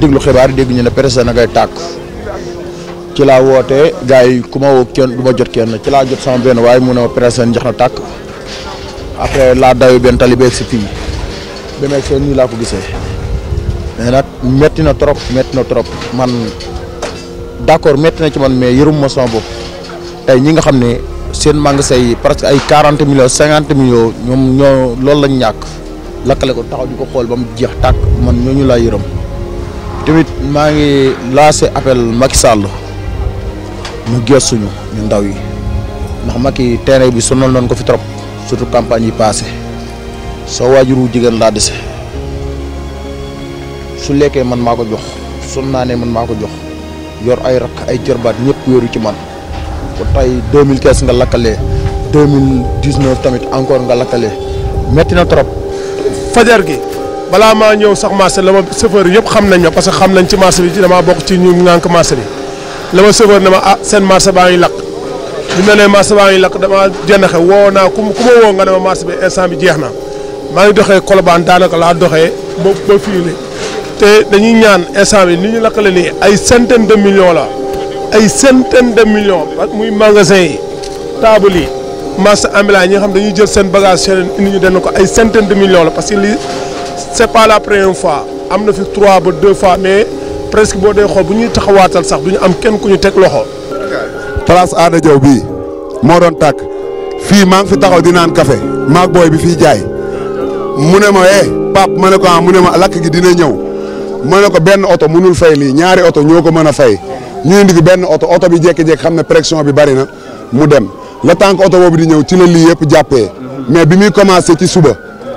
déglu xibaar dégg ñu ne presse na ngay tàkk ci laa woote gars yi ku ma woo kenn du ma jot kenn ci laa jot sama benn waaye mun ne ma presse jox na tàkk après laa dayu benn tali beeg si fii ba seen nii laa ko gisee mais nag métti na trop métti na trop man d'accord métti na ci man mais yërum ma sama boobu tey ñi nga xam ne seen magasin yi presque ay quarante millions cinquante millions ñoom ñoo loolu lañ ñàkk lakkale ko taxaw di ko xool ba mu jeex tàkk man ñooñu laa yërëm. tamit maa ngi lancé appel Macky Sall ñu gëstuñu ñu ndaw yi ndax Macky terrain bi sonal noonu ko fi trop surtout campagne yi passé soo waajuru jigéen laa dese su lekkee man maa ko jox sun naa ne man maa ko jox yor ay rakk ay jërbaat ñëpp wéeru ci man ba tey 2015 nga lakkalee 2019 tamit encore nga lakkalee metti na trop fajar gi balaa maa ñëw sax marché la ma chauffeur yëpp xam nañ ma parce que xam nañ ci marché bi ci damaa bokk ci ñu ngànk marché bi la ma chauffeur ne ma ah seen marché baa ngi lakk bi ma nee marché baa ngi lakk damaa jenn xew woo naa ku ma ku ma woo nga ne ma marché bi instant bi jeex na maa ngi doxee Colobane daanaka laa doxee ba ba fii nii te dañuy ñaan instant bi ni ñu lakkale nii ay centaine de millions la ay centaine de millions muy magasin yi table yi marché ambulant yi nga xam dañuy jël seen bagage seen indi ñu denn ko ay centaine de millions la parce que lii c'est pas la première fois am na fi trois ba deux fois mais presque boo dee xool bu ñuy taxawaatal sax du ñu am kenn ku ñu teg loxo. place Ada Diaw bii moo doon tàkk fii maa ngi fi taxaw di naan kafe maag booy bi fii jaay mu ne ma eh Pape ma ne ko ah mu ne ma lakk gi dina ñëw ma ne ko benn oto mënul fay lii ñaari oto ñoo ko mën a fay ñu indi fi benn oto oto bi jékki-jékki xam ne pression bi bari na mu dem le temps oto boobu di ñëw ci la yëpp jàppee mais bi muy commencé ci suba.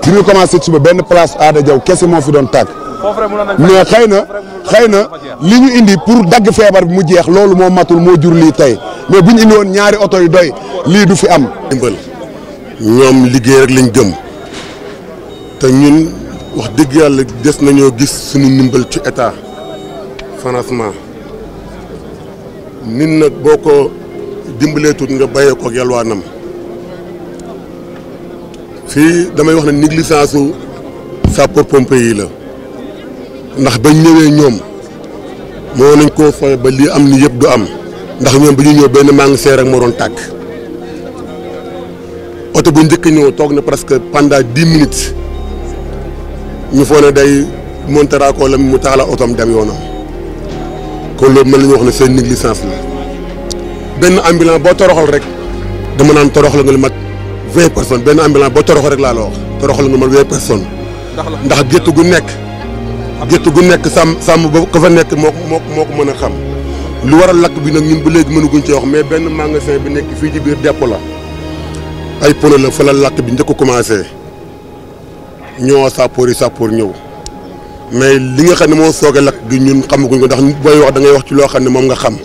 fi ñu commencé suba benn place Aada Diaw kese moo fi doon tàkk mais xëy na xëy na li ñu indi pour dagg feebar bi mu jeex loolu moo matul moo jur lii tey mais bu ñu indi woon ñaari oto yu doy lii du fi am. ndimbal ñoom liggéey rek lañ gëm te ñun wax dëgg yàlla des nañoo gis suñu ndimbal ci état financement nit nag boo ko dimbalee dimbaleetut nga bàyyee ko ak yalwaanam fii damay wax ne négligence su sapeur pompier yi la ndax bañ ñëwee ñoom moo nañ koo foye ba lii am ni yëpp du am ndax ñoom ba ñuy ñëw benn maa ngi seer moo doon tàkk oto bu njëkk ñëw toog na presque pendant dix minutes ñu foo ne day monteraakoo la mu taala otom dem yoonam kon loolu mën nañu wax ne seen négligence la benn ambulance boo toroxal rek dama naan torox la nga lu mat vingt personnes benn ambulance boo toroxoo rek laa la wax toroxal nga man vingt personnes ndax gétt gu nekk gétt gu nekk sàmm sàmm ba ko fa nekk moo moo moo ko mën a xam lu waral lakk bi nag ñun ba léegi mënaguñ ci wax mais benn magasin bi nekk fii ci biir dépôt la ay pono la fa la lakk bi njëkk commencé ñoo sàppoor yi sàppoor ñëw mais li nga xam ne moo soogee lakk gi ñun xamaguñ ñu ndax booy wax da ngay wax ci loo xam ne moom nga xam